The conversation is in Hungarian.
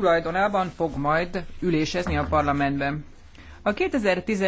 tulajdonában fog majd ülésezni a parlamentben. A 2010